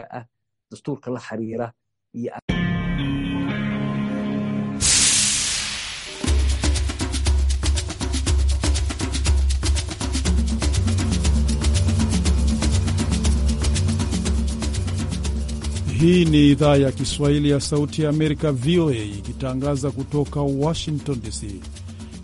ah dastuurka la xiriira iyo Hii ni idhaa ya Kiswahili ya Sauti ya Amerika, VOA, ikitangaza kutoka Washington DC.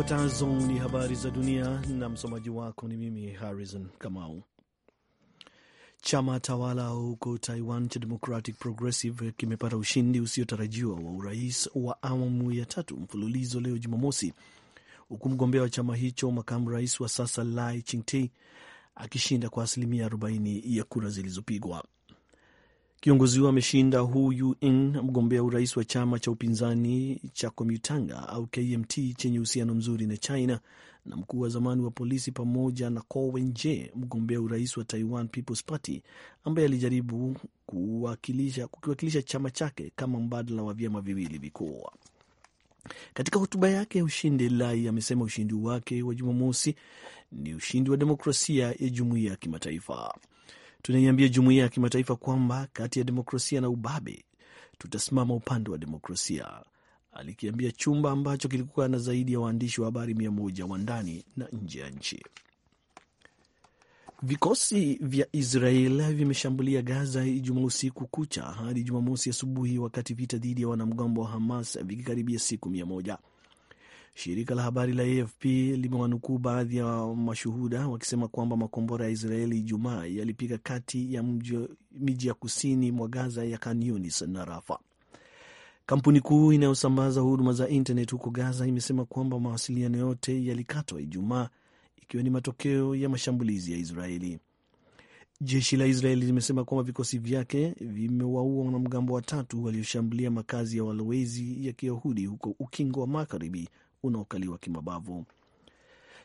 Zifuatazo ni habari za dunia na msomaji wako ni mimi Harrison Kamau. Chama tawala huko Taiwan cha Democratic Progressive kimepata ushindi usiotarajiwa wa urais wa awamu ya tatu mfululizo leo Jumamosi, huku mgombea wa chama hicho makamu rais wa sasa Lai Ching-te akishinda kwa asilimia 40 ya kura zilizopigwa. Kiongozi huyo ameshinda Hu Yun, mgombea urais wa chama cha upinzani cha Komutanga au KMT chenye uhusiano mzuri na China na mkuu wa zamani wa polisi, pamoja na Ko mgombea urais wa Taiwan People's Party ambaye alijaribu kuwakilisha, kukiwakilisha chama chake kama mbadala wa vyama viwili vikuu. Katika hotuba yake ya ushindi, Lai amesema ushindi wake wa Jumamosi ni ushindi wa demokrasia ya jumuiya ya kimataifa tunaiambia jumuiya ya kimataifa kwamba kati ya demokrasia na ubabe tutasimama upande wa demokrasia, alikiambia chumba ambacho kilikuwa na zaidi ya waandishi wa habari mia moja wa ndani na nje ya nchi. Vikosi vya Israel vimeshambulia Gaza Ijumaa usiku kucha hadi Jumamosi asubuhi, wakati vita dhidi ya wanamgambo wa Hamas vikikaribia siku mia moja. Shirika la habari la AFP limewanukuu baadhi ya mashuhuda wakisema kwamba makombora ya Israeli Ijumaa yalipiga kati ya miji ya kusini mwa Gaza ya Khan Yunis na Rafa. Kampuni kuu inayosambaza huduma za intanet huko Gaza imesema kwamba mawasiliano yote yalikatwa Ijumaa, ikiwa ni matokeo ya mashambulizi ya Israeli. Jeshi la Israeli limesema kwamba vikosi vyake vimewaua wanamgambo watatu walioshambulia makazi ya walowezi ya Kiyahudi huko Ukingo wa Magharibi unaokaliwa kimabavu.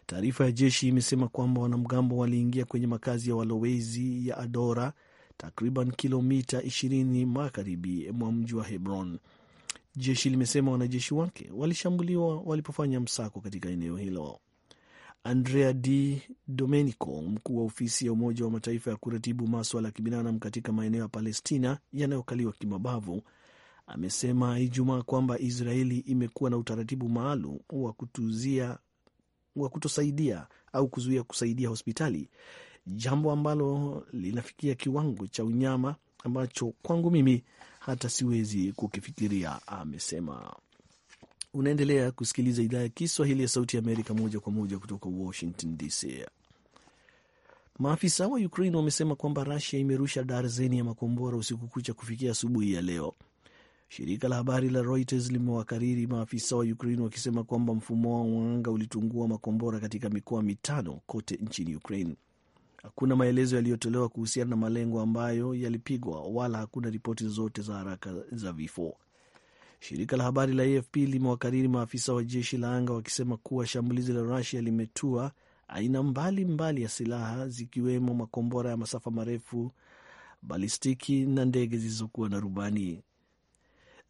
Taarifa ya jeshi imesema kwamba wanamgambo waliingia kwenye makazi ya walowezi ya Adora, takriban kilomita 20 magharibi mwa mji wa Hebron. Jeshi limesema wanajeshi wake walishambuliwa walipofanya msako katika eneo hilo. Andrea Di Domenico, mkuu wa ofisi ya Umoja wa Mataifa ya kuratibu maswala ya kibinadamu katika maeneo ya Palestina yanayokaliwa kimabavu, amesema Ijumaa kwamba Israeli imekuwa na utaratibu maalum wa kutuzia wa kutosaidia au kuzuia kusaidia hospitali, jambo ambalo linafikia kiwango cha unyama ambacho kwangu mimi hata siwezi kukifikiria, amesema. Unaendelea kusikiliza idhaa ya Kiswahili ya Sauti ya Amerika moja kwa moja kutoka Washington DC. Maafisa wa Ukraine wamesema kwamba Rusia imerusha darzeni ya makombora usiku kucha kufikia asubuhi ya leo Shirika la habari la Reuters limewakariri maafisa wa Ukraine wakisema kwamba mfumo wao wa anga ulitungua makombora katika mikoa mitano kote nchini Ukraine. Hakuna maelezo yaliyotolewa kuhusiana na malengo ambayo yalipigwa wala hakuna ripoti zote za haraka za vifo. Shirika la habari la AFP limewakariri maafisa wa jeshi la anga wakisema kuwa shambulizi la Rusia limetua aina mbalimbali mbali ya silaha zikiwemo makombora ya masafa marefu, balistiki na ndege zilizokuwa na rubani.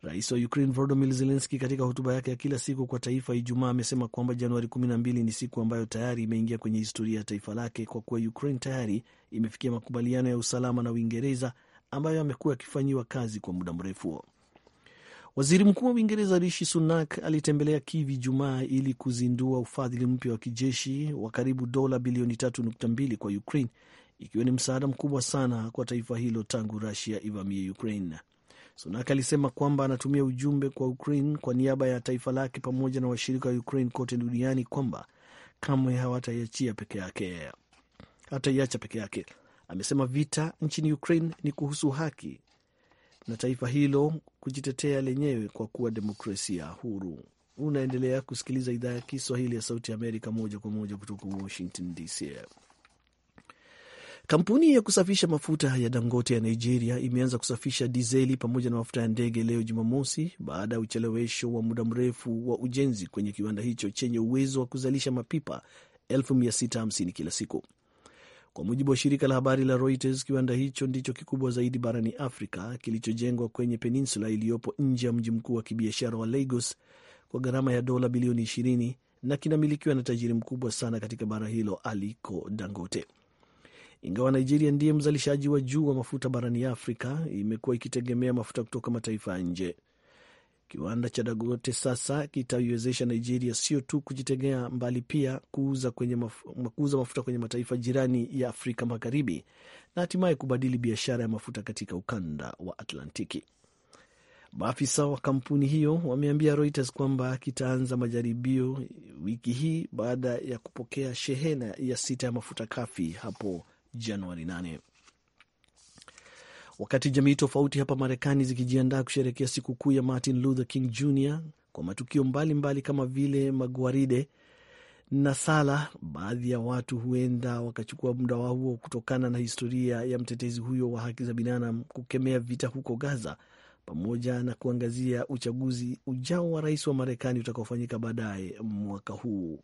Rais wa Ukraine Volodymyr Zelensky katika hotuba yake ya kila siku kwa taifa Ijumaa amesema kwamba Januari 12 ni siku ambayo tayari imeingia kwenye historia ya taifa lake kwa kuwa Ukraine tayari imefikia makubaliano ya usalama na Uingereza ambayo amekuwa akifanyiwa kazi kwa muda mrefu. Waziri Mkuu wa Uingereza Rishi Sunak alitembelea kivi Ijumaa ili kuzindua ufadhili mpya wa kijeshi wa karibu dola bilioni 3.2 kwa Ukraine, ikiwa ni msaada mkubwa sana kwa taifa hilo tangu rasia ivamie Ukraine. Sunak alisema kwamba anatumia ujumbe kwa Ukraine kwa niaba ya taifa lake pamoja na washirika wa Ukraine kote duniani kwamba kamwe hawataiachia peke yake, hataiacha peke yake. Amesema vita nchini Ukraine ni kuhusu haki na taifa hilo kujitetea lenyewe kwa kuwa demokrasia huru. Unaendelea kusikiliza idhaa ya Kiswahili ya Sauti ya Amerika moja kwa moja kutoka Washington DC. Kampuni ya kusafisha mafuta ya Dangote ya Nigeria imeanza kusafisha dizeli pamoja na mafuta ya ndege leo Jumamosi baada ya uchelewesho wa muda mrefu wa ujenzi kwenye kiwanda hicho chenye uwezo wa kuzalisha mapipa 650 kila siku. Kwa mujibu wa shirika la habari la Reuters, kiwanda hicho ndicho kikubwa zaidi barani Afrika kilichojengwa kwenye peninsula iliyopo nje ya mji mkuu wa kibiashara wa Lagos kwa gharama ya dola bilioni 20 na kinamilikiwa na tajiri mkubwa sana katika bara hilo Aliko Dangote. Ingawa Nigeria ndiye mzalishaji wa juu wa mafuta barani Afrika, imekuwa ikitegemea mafuta kutoka mataifa ya nje. Kiwanda cha Dagote sasa kitaiwezesha Nigeria sio tu kujitegemea, mbali pia kuuza, kwenye maf kuuza mafuta kwenye mataifa jirani ya Afrika Magharibi na hatimaye kubadili biashara ya mafuta katika ukanda wa Atlantiki. Maafisa wa kampuni hiyo wameambia Reuters kwamba kitaanza majaribio wiki hii baada ya kupokea shehena ya sita ya mafuta kafi hapo Januari 8. Wakati jamii tofauti hapa Marekani zikijiandaa kusherekea sikukuu ya Martin Luther King Jr kwa matukio mbalimbali mbali kama vile magwaride na sala, baadhi ya watu huenda wakachukua muda wao huo kutokana na historia ya mtetezi huyo wa haki za binadamu kukemea vita huko Gaza pamoja na kuangazia uchaguzi ujao wa rais wa Marekani utakaofanyika baadaye mwaka huu.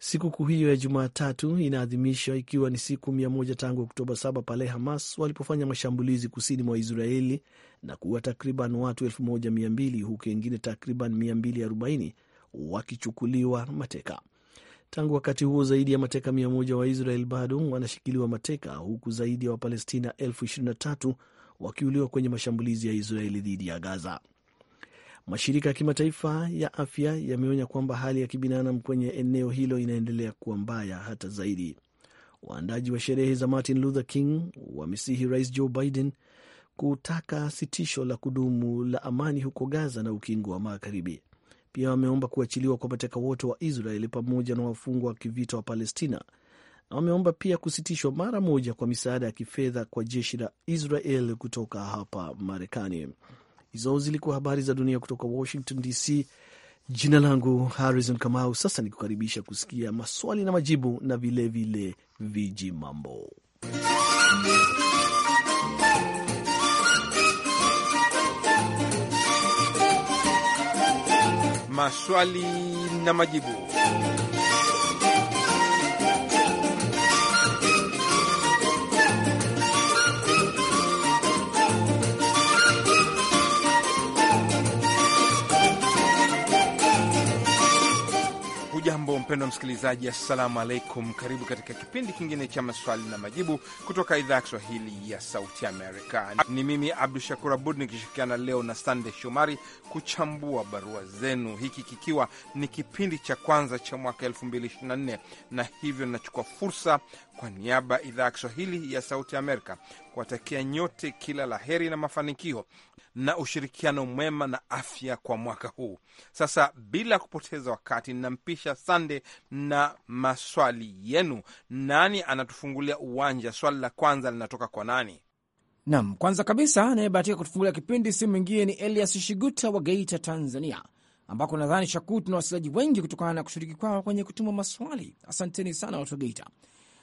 Sikukuu hiyo ya Jumatatu inaadhimishwa ikiwa ni siku mia moja tangu Oktoba saba pale Hamas walipofanya mashambulizi kusini mwa Israeli na kuua takriban watu mbili huku wengine takriban 240 wakichukuliwa mateka. Tangu wakati huo zaidi ya mateka moja wa Israel bado wanashikiliwa mateka huku zaidi ya Wapalestina elfu tatu wakiuliwa kwenye mashambulizi ya Israeli dhidi ya Gaza. Mashirika ya kimataifa ya afya yameonya kwamba hali ya kibinadamu kwenye eneo hilo inaendelea kuwa mbaya hata zaidi. Waandaji wa sherehe za Martin Luther King wamesihi Rais Joe Biden kutaka sitisho la kudumu la amani huko Gaza na Ukingo wa Magharibi. Pia wameomba kuachiliwa kwa mateka wote wa Israeli pamoja na wafungwa wa kivita wa Palestina, na wameomba pia kusitishwa mara moja kwa misaada ya kifedha kwa jeshi la Israel kutoka hapa Marekani. Hizo zilikuwa habari za dunia kutoka Washington DC. Jina langu Harrison Kamau. Sasa nikukaribisha kusikia maswali na majibu na vilevile viji mambo. Maswali na majibu. Hujambo mpendwa msikilizaji, assalamu alaikum. Karibu katika kipindi kingine cha maswali na majibu kutoka idhaa ya Kiswahili ya Sauti Amerika. Ni mimi Abdu Shakur Abud nikishirikiana leo na Sande Shomari kuchambua barua zenu, hiki kikiwa ni kipindi cha kwanza cha mwaka 2024 na hivyo ninachukua fursa kwa niaba idhaa ya Kiswahili ya Sauti Amerika kuwatakia nyote kila la heri na mafanikio na ushirikiano mwema na afya kwa mwaka huu. Sasa bila kupoteza wakati, nampisha Sande na maswali yenu. Nani anatufungulia uwanja? Swali la kwanza linatoka kwa nani? Nam, kwanza kabisa anayebahatika kutufungulia kipindi si mwingine ni Elias Shiguta wa Geita, Tanzania, ambako nadhani shakuu tuna wasilaji wengi kutokana na kushiriki kwao kwenye kutuma maswali. Asanteni sana watu wa Geita.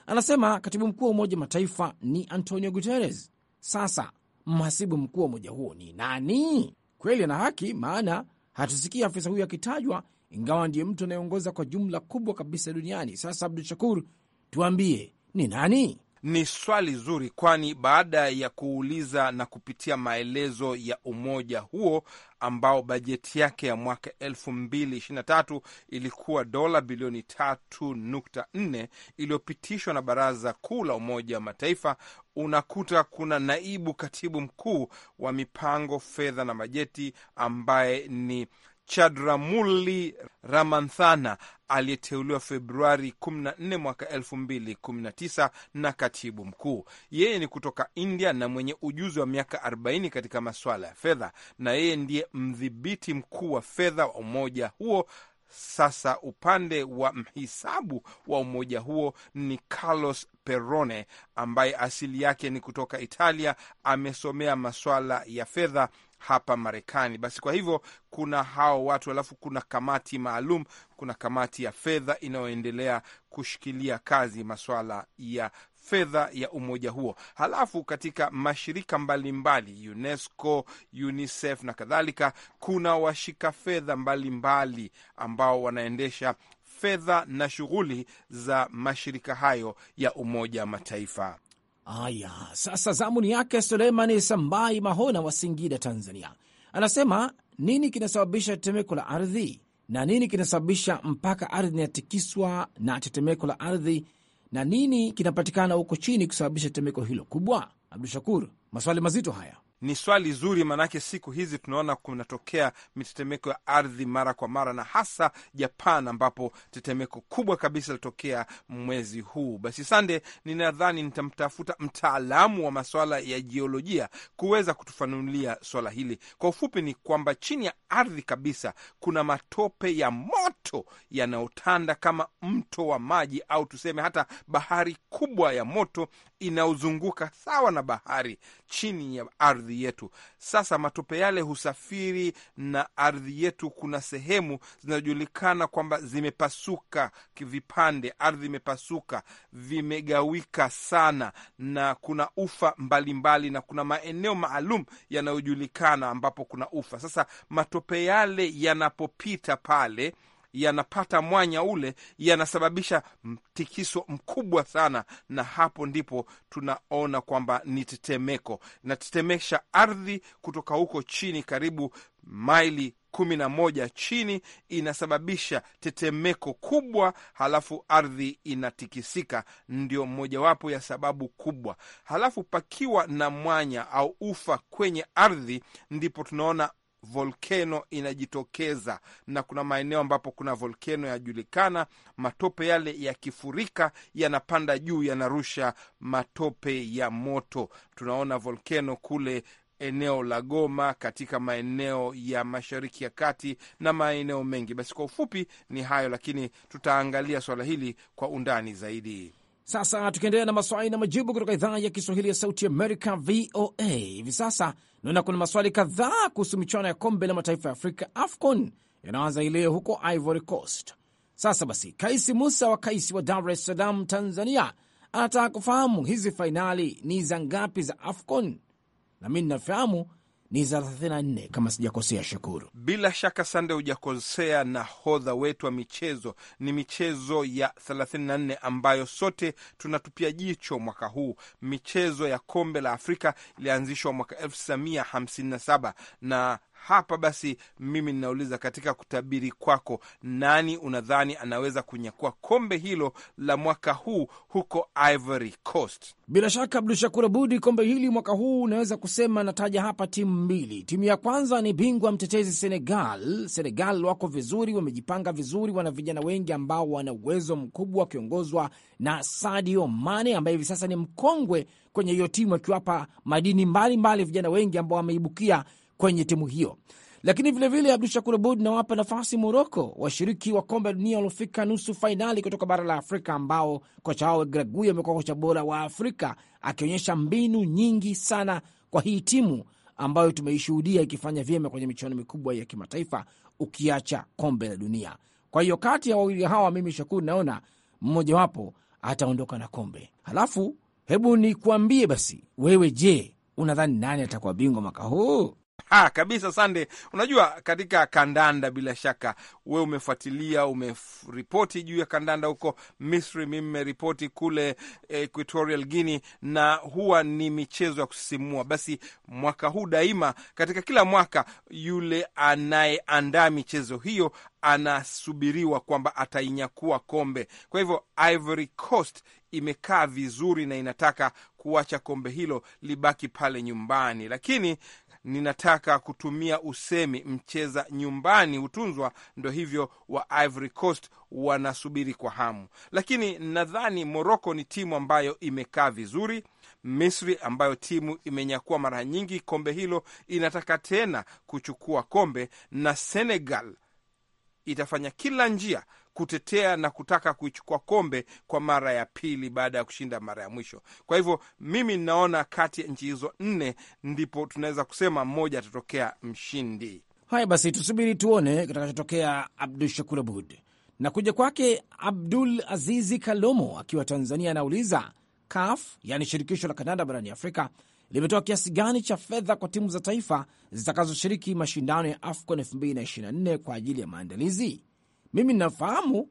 Anasema katibu mkuu wa Umoja Mataifa ni Antonio Guterres. Sasa mhasibu mkuu wa umoja huo ni nani? Kweli ana haki, maana hatusikii afisa huyo akitajwa, ingawa ndiye mtu anayeongoza kwa jumla kubwa kabisa duniani. Sasa Abdu Shakur, tuambie ni nani? Ni swali zuri, kwani baada ya kuuliza na kupitia maelezo ya umoja huo ambao bajeti yake ya mwaka 2023 ilikuwa dola bilioni 3.4 iliyopitishwa na Baraza Kuu la Umoja wa Mataifa, unakuta kuna naibu katibu mkuu wa mipango, fedha na bajeti ambaye ni Chadramuli Ramanthana aliyeteuliwa Februari 14 mwaka 2019 na katibu mkuu. Yeye ni kutoka India na mwenye ujuzi wa miaka 40 katika masuala ya fedha, na yeye ndiye mdhibiti mkuu wa fedha wa umoja huo. Sasa upande wa mhisabu wa umoja huo ni Carlos Perone ambaye asili yake ni kutoka Italia, amesomea masuala ya fedha hapa Marekani. Basi kwa hivyo kuna hao watu, alafu kuna kamati maalum, kuna kamati ya fedha inayoendelea kushikilia kazi masuala ya fedha ya umoja huo. Halafu katika mashirika mbalimbali mbali, UNESCO, UNICEF na kadhalika, kuna washika fedha mbalimbali ambao wanaendesha fedha na shughuli za mashirika hayo ya Umoja wa Mataifa. Haya, sasa zamu ni yake Suleimani Sambai Mahona wa Singida, Tanzania. Anasema nini kinasababisha tetemeko la ardhi na nini kinasababisha mpaka ardhi inatikiswa na tetemeko la ardhi na nini kinapatikana huko chini kusababisha tetemeko hilo kubwa? Abdu Shakur, maswali mazito haya. Ni swali zuri, maanake siku hizi tunaona kunatokea mitetemeko ya ardhi mara kwa mara, na hasa Japan ambapo tetemeko kubwa kabisa litokea mwezi huu. Basi Sande, ninadhani nitamtafuta mtaalamu wa masuala ya jiolojia kuweza kutufanulia swala hili. Kwa ufupi, ni kwamba chini ya ardhi kabisa kuna matope ya moto yanayotanda kama mto wa maji, au tuseme hata bahari kubwa ya moto inayozunguka sawa na bahari chini ya ardhi yetu. Sasa matope yale husafiri na ardhi yetu. Kuna sehemu zinajulikana kwamba zimepasuka vipande, ardhi imepasuka, vimegawika sana, na kuna ufa mbalimbali mbali, na kuna maeneo maalum yanayojulikana ambapo kuna ufa. Sasa matope yale yanapopita pale yanapata mwanya ule, yanasababisha mtikiso mkubwa sana, na hapo ndipo tunaona kwamba ni tetemeko, inatetemesha ardhi kutoka huko chini karibu maili kumi na moja chini, inasababisha tetemeko kubwa, halafu ardhi inatikisika. Ndio mojawapo ya sababu kubwa. Halafu pakiwa na mwanya au ufa kwenye ardhi, ndipo tunaona volkeno inajitokeza, na kuna maeneo ambapo kuna volkeno yajulikana, matope yale yakifurika yanapanda juu, yanarusha matope ya moto. Tunaona volkeno kule eneo la Goma katika maeneo ya Mashariki ya Kati na maeneo mengi. Basi kwa ufupi ni hayo, lakini tutaangalia swala hili kwa undani zaidi. Sasa tukiendelea na maswali na majibu kutoka idhaa ya Kiswahili ya Sauti Amerika, VOA. Hivi sasa Naona kuna maswali kadhaa kuhusu michuano ya kombe la mataifa ya Afrika, AFCON, yanaanza ileo huko Ivory Coast. Sasa basi, Kaisi Musa wa Kaisi wa Dar es Salaam, Tanzania, anataka kufahamu hizi fainali ni za ngapi za AFCON, na mi ninafahamu ni za 34 kama sijakosea. Shukuru, bila shaka Sande, hujakosea. Nahodha wetu wa michezo ni michezo ya 34 ambayo sote tunatupia jicho mwaka huu. Michezo ya kombe la Afrika ilianzishwa mwaka 1957 na hapa basi, mimi ninauliza katika kutabiri kwako, nani unadhani anaweza kunyakua kombe hilo la mwaka huu huko Ivory Coast? Bila shaka, Abdu Shakur Abudi, kombe hili mwaka huu unaweza kusema, nataja hapa timu mbili. Timu ya kwanza ni bingwa mtetezi Senegal. Senegal wako vizuri, wamejipanga vizuri, wana vijana wengi ambao wana uwezo mkubwa, wakiongozwa na Sadio Mane ambaye hivi sasa ni mkongwe kwenye hiyo timu, akiwapa madini mbalimbali mbali vijana wengi ambao wameibukia kwenye timu hiyo. Lakini vilevile, Abdu Shakur Abud, nawapa nafasi Moroko, washiriki wa kombe la dunia waliofika nusu fainali kutoka bara la Afrika, ambao kocha wao Gregui amekuwa kocha bora wa Afrika, akionyesha mbinu nyingi sana kwa hii timu ambayo tumeishuhudia ikifanya vyema kwenye michuano mikubwa ya kimataifa, ukiacha kombe la dunia. Kwa hiyo kati ya wawili hawa, mimi Shakur, naona mmojawapo ataondoka na kombe. Halafu hebu nikuambie basi, wewe je, unadhani nani atakuwa bingwa mwaka huu? Ha, kabisa sande. Unajua, katika kandanda bila shaka we umefuatilia, umeripoti juu ya kandanda huko Misri, mimi nimeripoti kule eh, Equatorial Guinea, na huwa ni michezo ya kusisimua. Basi mwaka huu daima, katika kila mwaka, yule anayeandaa michezo hiyo anasubiriwa kwamba atainyakua kombe. Kwa hivyo Ivory Coast imekaa vizuri na inataka kuacha kombe hilo libaki pale nyumbani, lakini ninataka kutumia usemi mcheza nyumbani hutunzwa. Ndo hivyo wa Ivory Coast wanasubiri kwa hamu, lakini nadhani Moroko ni timu ambayo imekaa vizuri. Misri ambayo timu imenyakua mara nyingi kombe hilo, inataka tena kuchukua kombe na Senegal itafanya kila njia kutetea na kutaka kuichukua kombe kwa mara ya pili baada ya kushinda mara ya mwisho. Kwa hivyo mimi ninaona kati ya nchi hizo nne ndipo tunaweza kusema mmoja atatokea mshindi. Haya basi, tusubiri tuone kitakachotokea. Abdu Shakur Abud na kuja kwake Abdul Azizi Kalomo akiwa Tanzania anauliza, CAF yani shirikisho la kandanda barani Afrika limetoa kiasi gani cha fedha kwa timu za taifa zitakazoshiriki mashindano ya AFCON 2024 kwa ajili ya maandalizi? Mimi ninafahamu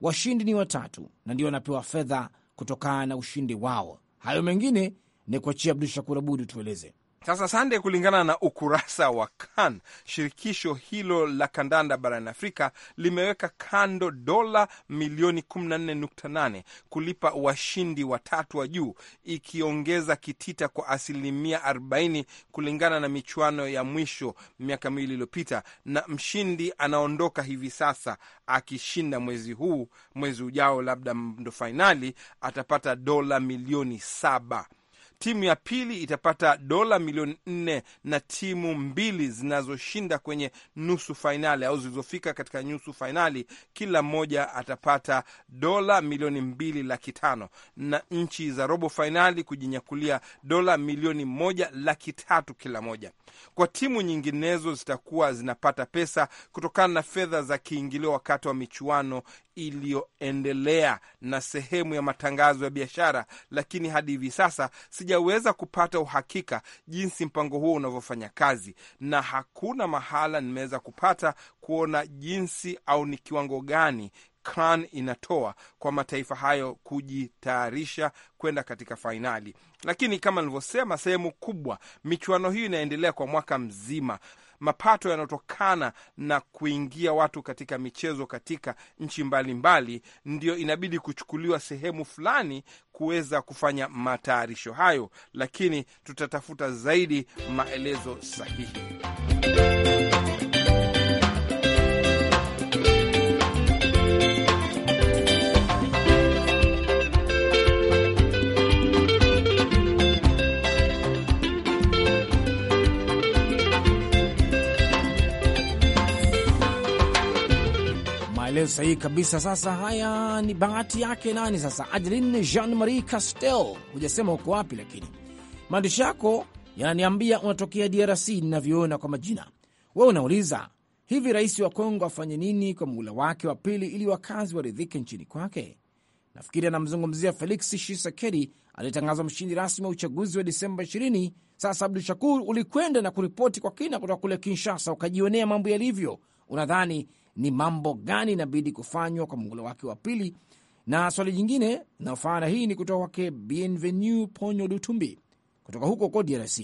washindi ni watatu na ndio wanapewa fedha kutokana na ushindi wao. Hayo mengine ni kuachia Abdu Shakur Abudu tueleze. Sasa Sande, kulingana na ukurasa wa CAN, shirikisho hilo la kandanda barani Afrika limeweka kando dola milioni 14.8 kulipa washindi watatu wa juu, ikiongeza kitita kwa asilimia 40 kulingana na michuano ya mwisho miaka miwili iliyopita, na mshindi anaondoka hivi sasa. Akishinda mwezi huu, mwezi ujao, labda ndo fainali, atapata dola milioni saba timu ya pili itapata dola milioni nne na timu mbili zinazoshinda kwenye nusu fainali au zilizofika katika nusu fainali kila mmoja atapata dola milioni mbili laki tano na nchi za robo fainali kujinyakulia dola milioni moja laki tatu kila moja. Kwa timu nyinginezo zitakuwa zinapata pesa kutokana na fedha za kiingilio wakati wa michuano iliyoendelea na sehemu ya matangazo ya biashara, lakini hadi hivi sasa sijaweza kupata uhakika jinsi mpango huo unavyofanya kazi, na hakuna mahala nimeweza kupata kuona jinsi au ni kiwango gani CAN inatoa kwa mataifa hayo kujitayarisha kwenda katika fainali. Lakini kama nilivyosema, sehemu kubwa michuano hiyo inaendelea kwa mwaka mzima mapato yanayotokana na kuingia watu katika michezo katika nchi mbalimbali, ndio inabidi kuchukuliwa sehemu fulani kuweza kufanya matayarisho hayo, lakini tutatafuta zaidi maelezo sahihi. maeneo sahihi kabisa. Sasa haya ni bahati yake nani sasa? Adeline Jean Marie Castel, hujasema uko wapi, lakini maandishi yako yananiambia unatokea DRC ninavyoona kwa majina. We unauliza hivi, rais wa Kongo afanye nini kwa muhula wake wa pili ili wakazi waridhike nchini kwake? Nafikiri anamzungumzia Felix Tshisekedi aliyetangazwa mshindi rasmi wa uchaguzi wa Disemba 20. Sasa Abdu Shakur, ulikwenda na kuripoti kwa kina kutoka kule Kinshasa, ukajionea mambo yalivyo. Unadhani ni mambo gani inabidi kufanywa kwa muhula wake wa pili. Na swali jingine naofaana hii ni kutoka kwake Bienvenu Ponyo Lutumbi kutoka huko huko DRC,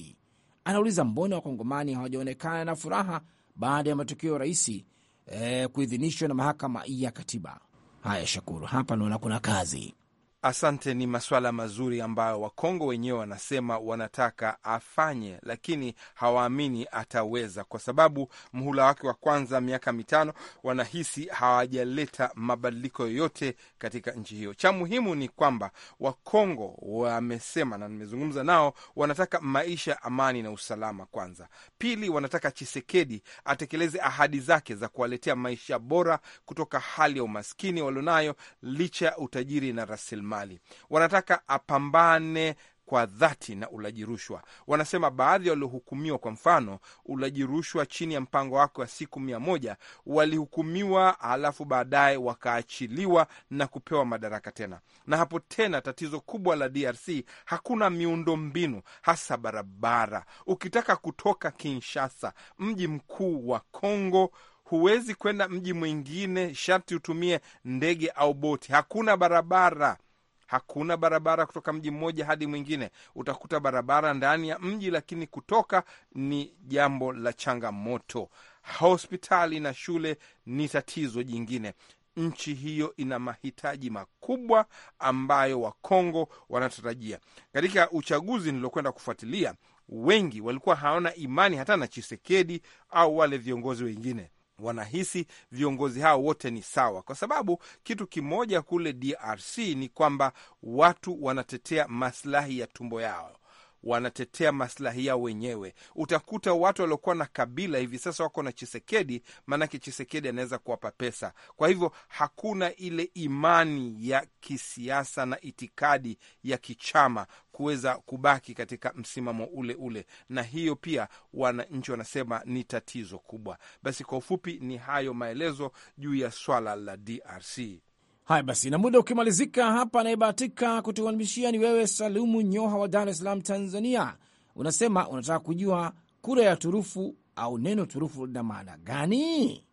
anauliza mbona wakongomani hawajaonekana na furaha baada ya matokeo ya rais eh, kuidhinishwa na mahakama ya katiba. Haya, Shakuru, hapa naona kuna kazi. Asante, ni masuala mazuri ambayo Wakongo wenyewe wanasema wanataka afanye, lakini hawaamini ataweza, kwa sababu mhula wake wa kwanza miaka mitano, wanahisi hawajaleta mabadiliko yoyote katika nchi hiyo. Cha muhimu ni kwamba Wakongo wamesema, na nimezungumza nao, wanataka maisha, amani na usalama kwanza. Pili, wanataka Chisekedi atekeleze ahadi zake za kuwaletea maisha bora kutoka hali ya umaskini walionayo licha ya utajiri na rasilimali Mali. Wanataka apambane kwa dhati na ulaji rushwa. Wanasema baadhi waliohukumiwa, kwa mfano ulaji rushwa chini ya mpango wake wa siku mia moja, walihukumiwa alafu baadaye wakaachiliwa na kupewa madaraka tena. Na hapo tena tatizo kubwa la DRC, hakuna miundo mbinu, hasa barabara. Ukitaka kutoka Kinshasa, mji mkuu wa Kongo, huwezi kwenda mji mwingine, sharti utumie ndege au boti. Hakuna barabara hakuna barabara kutoka mji mmoja hadi mwingine. Utakuta barabara ndani ya mji, lakini kutoka ni jambo la changamoto. Hospitali na shule ni tatizo jingine. Nchi hiyo ina mahitaji makubwa ambayo Wakongo wanatarajia katika uchaguzi. Niliokwenda kufuatilia, wengi walikuwa hawana imani hata na Chisekedi au wale viongozi wengine wanahisi viongozi hao wote ni sawa, kwa sababu kitu kimoja kule DRC ni kwamba watu wanatetea maslahi ya tumbo yao wanatetea maslahi yao wenyewe. Utakuta watu waliokuwa na Kabila hivi sasa wako na Chisekedi, maanake Chisekedi anaweza kuwapa pesa. Kwa hivyo hakuna ile imani ya kisiasa na itikadi ya kichama kuweza kubaki katika msimamo ule ule, na hiyo pia wananchi wanasema ni tatizo kubwa. Basi kwa ufupi ni hayo maelezo juu ya swala la DRC. Haya basi, na muda ukimalizika hapa, anayebahatika kutuanimishia ni wewe Salumu Nyoha wa Dar es Salaam, Tanzania. Unasema unataka kujua kura ya turufu au neno turufu lina maana gani?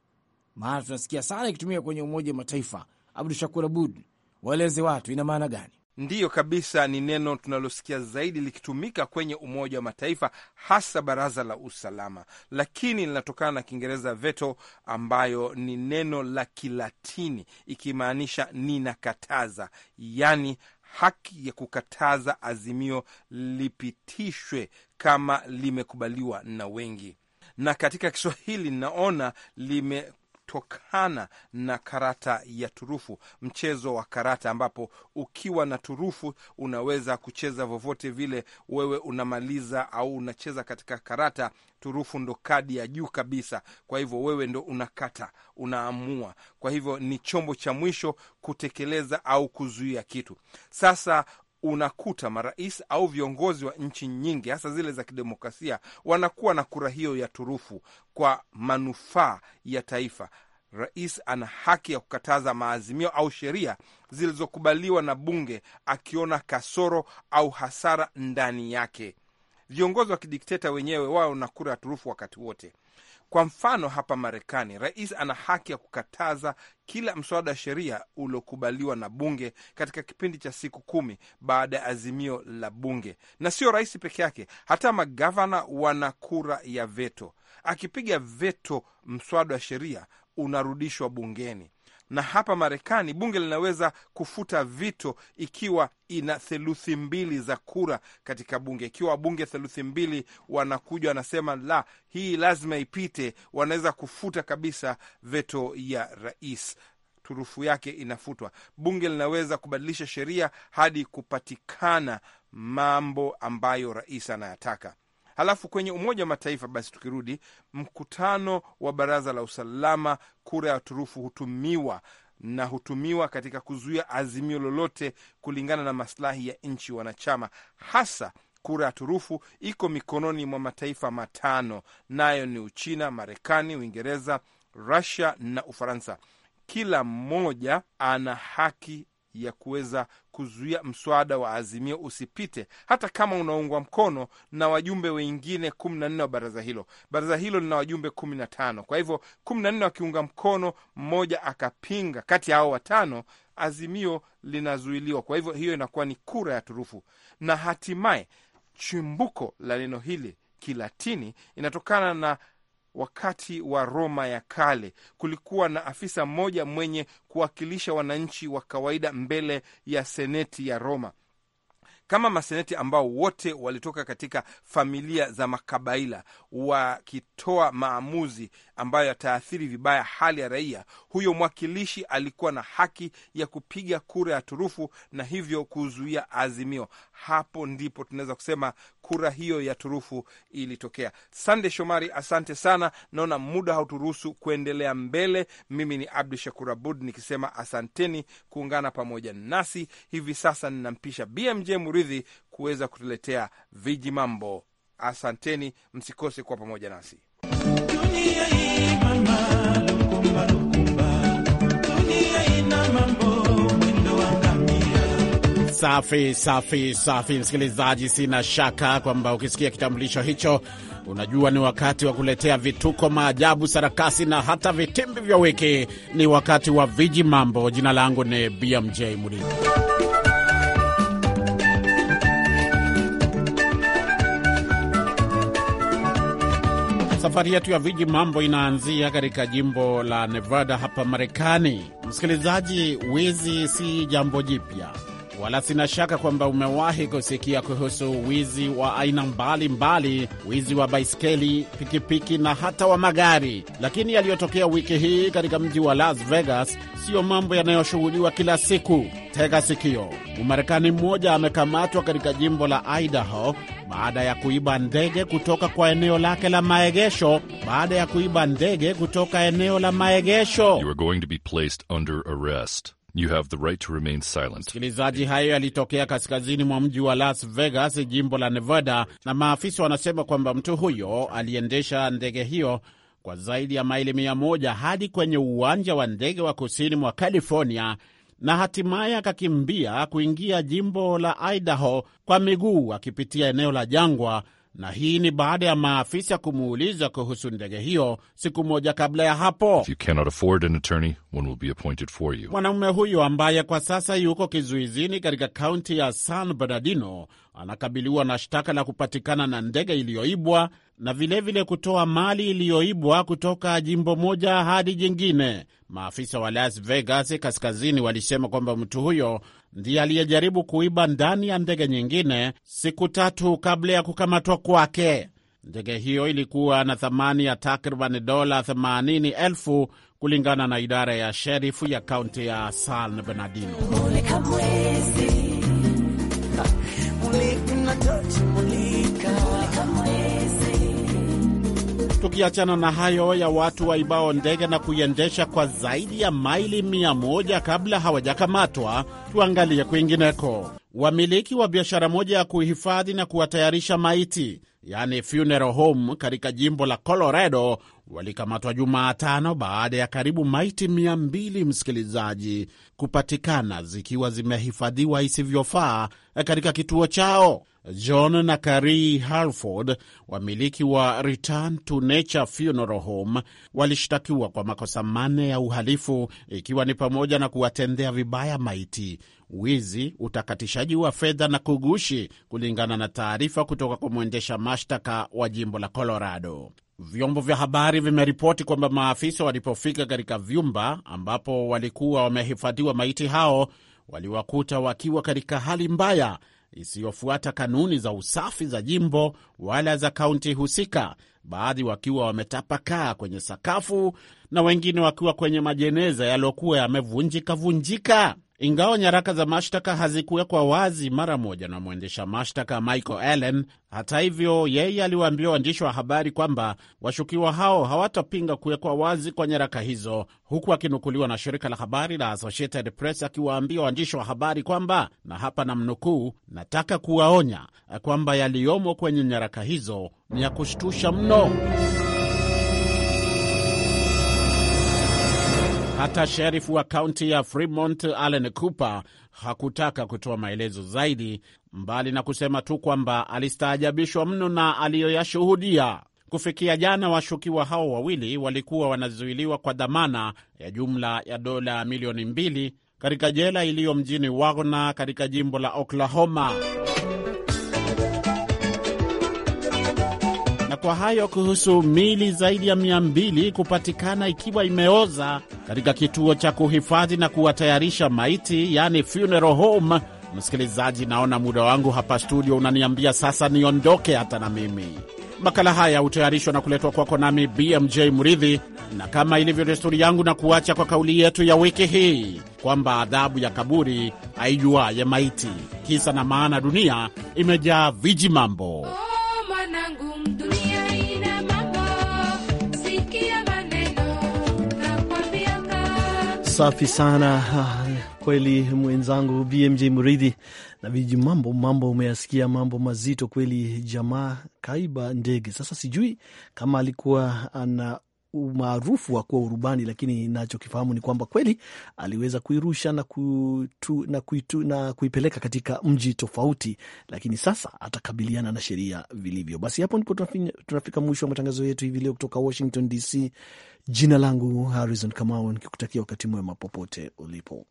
Maana tunasikia sana ikitumika kwenye Umoja wa Mataifa. Abdu Shakur Abud, waeleze watu ina maana gani? Ndiyo kabisa, ni neno tunalosikia zaidi likitumika kwenye Umoja wa Mataifa, hasa Baraza la Usalama, lakini linatokana na Kiingereza veto, ambayo ni neno la Kilatini ikimaanisha ninakataza, yani haki ya kukataza azimio lipitishwe kama limekubaliwa na wengi na katika Kiswahili naona lime kutokana na karata ya turufu, mchezo wa karata, ambapo ukiwa na turufu unaweza kucheza vovote vile. Wewe unamaliza au unacheza katika karata, turufu ndo kadi ya juu kabisa, kwa hivyo wewe ndo unakata, unaamua. Kwa hivyo ni chombo cha mwisho kutekeleza au kuzuia kitu. Sasa unakuta marais au viongozi wa nchi nyingi, hasa zile za kidemokrasia, wanakuwa na kura hiyo ya turufu kwa manufaa ya taifa. Rais ana haki ya kukataza maazimio au sheria zilizokubaliwa na bunge akiona kasoro au hasara ndani yake. Viongozi wa kidikteta wenyewe wao na kura ya turufu wakati wote. Kwa mfano, hapa Marekani rais ana haki ya kukataza kila mswada wa sheria uliokubaliwa na bunge katika kipindi cha siku kumi baada ya azimio la bunge. Na sio rais peke yake, hata magavana wana kura ya veto. Akipiga veto, mswada wa sheria unarudishwa bungeni na hapa Marekani bunge linaweza kufuta vito ikiwa ina theluthi mbili za kura katika bunge. Ikiwa wabunge theluthi mbili wanakuja wanasema la, hii lazima ipite, wanaweza kufuta kabisa veto ya rais turufu yake inafutwa. Bunge linaweza kubadilisha sheria hadi kupatikana mambo ambayo rais anayataka. Halafu kwenye Umoja wa Mataifa, basi tukirudi mkutano wa Baraza la Usalama, kura ya turufu hutumiwa na hutumiwa katika kuzuia azimio lolote kulingana na maslahi ya nchi wanachama. Hasa kura ya turufu iko mikononi mwa mataifa matano, nayo ni Uchina, Marekani, Uingereza, Rusia na Ufaransa. Kila mmoja ana haki ya kuweza kuzuia mswada wa Azimio usipite hata kama unaungwa mkono na wajumbe wengine kumi na nne wa baraza hilo. Baraza hilo lina wajumbe kumi na tano. Kwa hivyo kumi na nne wakiunga mkono, mmoja akapinga, kati ya hao watano Azimio linazuiliwa. Kwa hivyo hiyo inakuwa ni kura ya turufu, na hatimaye chimbuko la neno hili Kilatini inatokana na wakati wa Roma ya kale kulikuwa na afisa mmoja mwenye kuwakilisha wananchi wa kawaida mbele ya seneti ya Roma kama maseneti ambao wote walitoka katika familia za makabaila, wakitoa maamuzi ambayo yataathiri vibaya hali ya raia, huyo mwakilishi alikuwa na haki ya kupiga kura ya turufu na hivyo kuzuia azimio. Hapo ndipo tunaweza kusema kura hiyo ya turufu ilitokea. Sande Shomari, asante sana. Naona muda hauturuhusu kuendelea mbele. Mimi ni Abdu Shakur Abud nikisema asanteni kuungana pamoja nasi hivi sasa. Ninampisha BMJ Muri Mridhi kuweza kutuletea viji mambo. Asanteni, msikose kuwa pamoja nasi. Safi safi safi, msikilizaji, sina shaka kwamba ukisikia kitambulisho hicho unajua ni wakati wa kuletea vituko, maajabu, sarakasi na hata vitimbi vya wiki. Ni wakati wa viji mambo. Jina langu ni BMJ Muridi. Safari yetu ya viji mambo inaanzia katika jimbo la Nevada hapa Marekani. Msikilizaji, wizi si jambo jipya wala sina shaka kwamba umewahi kusikia kuhusu wizi wa aina mbalimbali mbali, wizi wa baiskeli, pikipiki na hata wa magari. Lakini yaliyotokea wiki hii katika mji wa Las Vegas siyo mambo yanayoshughuliwa kila siku. Tega sikio. Mmarekani mmoja amekamatwa katika jimbo la Idaho baada ya kuiba ndege kutoka kwa eneo lake la maegesho, baada ya kuiba ndege kutoka eneo la maegesho. You are going to be placed under arrest. You have the right to remain silent. Msikilizaji, hayo yalitokea kaskazini mwa mji wa Las Vegas, jimbo la Nevada, na maafisa wanasema kwamba mtu huyo aliendesha ndege hiyo kwa zaidi ya maili mia moja hadi kwenye uwanja wa ndege wa kusini mwa California na hatimaye akakimbia kuingia jimbo la Idaho kwa miguu akipitia eneo la jangwa na hii ni baada ya maafisa kumuuliza kuhusu ndege hiyo siku moja kabla ya hapo. Mwanamume huyo ambaye kwa sasa yuko kizuizini katika kaunti ya San Bernardino anakabiliwa na shtaka la kupatikana na ndege iliyoibwa na vilevile vile kutoa mali iliyoibwa kutoka jimbo moja hadi jingine. Maafisa wa Las Vegas kaskazini walisema kwamba mtu huyo ndiye aliyejaribu kuiba ndani ya ndege nyingine siku tatu kabla ya kukamatwa kwake. Ndege hiyo ilikuwa na thamani ya takriban dola 80,000 kulingana na idara ya sherifu ya kaunti ya San Bernardino. Tukiachana na hayo ya watu waibao ndege na kuiendesha kwa zaidi ya maili mia moja kabla hawajakamatwa, tuangalie kwingineko. Wamiliki wa biashara moja ya kuhifadhi na kuwatayarisha maiti, yani funeral home, katika jimbo la Colorado walikamatwa Jumatano baada ya karibu maiti mia mbili msikilizaji, kupatikana zikiwa zimehifadhiwa isivyofaa katika kituo chao. John na Carrie Harford, wamiliki wa Return to Nature Funeral Home, walishtakiwa kwa makosa manne ya uhalifu, ikiwa ni pamoja na kuwatendea vibaya maiti, wizi, utakatishaji wa fedha na kugushi, kulingana na taarifa kutoka kwa mwendesha mashtaka wa jimbo la Colorado. Vyombo vya habari vimeripoti kwamba maafisa walipofika katika vyumba ambapo walikuwa wamehifadhiwa maiti hao waliwakuta wakiwa katika hali mbaya isiyofuata kanuni za usafi za jimbo wala za kaunti husika, baadhi wakiwa wametapakaa kwenye sakafu na wengine wakiwa kwenye majeneza yaliyokuwa yamevunjika vunjika. Ingawa nyaraka za mashtaka hazikuwekwa wazi mara moja na mwendesha mashtaka Michael Allen, hata hivyo, yeye aliwaambia waandishi wa habari kwamba washukiwa hao hawatapinga kuwekwa wazi kwa nyaraka hizo, huku akinukuliwa na shirika la habari la Associated Press akiwaambia waandishi wa habari kwamba, na hapa namnukuu, nataka kuwaonya kwamba yaliyomo kwenye nyaraka hizo ni ya kushtusha mno. Hata sherifu wa kaunti ya Fremont Allen Cooper hakutaka kutoa maelezo zaidi, mbali na kusema tu kwamba alistaajabishwa mno na aliyoyashuhudia. Kufikia jana, washukiwa hao wawili walikuwa wanazuiliwa kwa dhamana ya jumla ya dola milioni mbili katika jela iliyo mjini Wagner katika jimbo la Oklahoma. kwa hayo kuhusu mili zaidi ya mia mbili kupatikana ikiwa imeoza katika kituo cha kuhifadhi na kuwatayarisha maiti, yani funeral home. Msikilizaji, naona muda wangu hapa studio unaniambia sasa niondoke hata na mimi. Makala haya hutayarishwa na kuletwa kwako nami BMJ Mridhi, na kama ilivyo desturi yangu, na kuacha kwa kauli yetu ya wiki hii kwamba adhabu ya kaburi haijuaye maiti. Kisa na maana, dunia imejaa viji mambo. Safi sana ah, kweli, mwenzangu BMJ Muridhi na viji mambo mambo, umeyasikia mambo mazito kweli. Jamaa kaiba ndege. Sasa sijui kama alikuwa ana umaarufu wa kuwa urubani, lakini nachokifahamu ni kwamba kweli aliweza kuirusha na, kutu, na, kuitu, na kuipeleka katika mji tofauti, lakini sasa atakabiliana na sheria vilivyo. Basi hapo ndipo tunafika mwisho wa matangazo yetu hivi leo kutoka Washington DC. Jina langu Harrison Kamau, nikikutakia wakati mwema popote ulipo.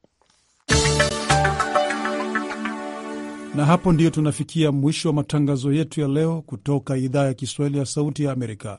Na hapo ndiyo tunafikia mwisho wa matangazo yetu ya leo kutoka idhaa ya Kiswahili ya Sauti ya Amerika.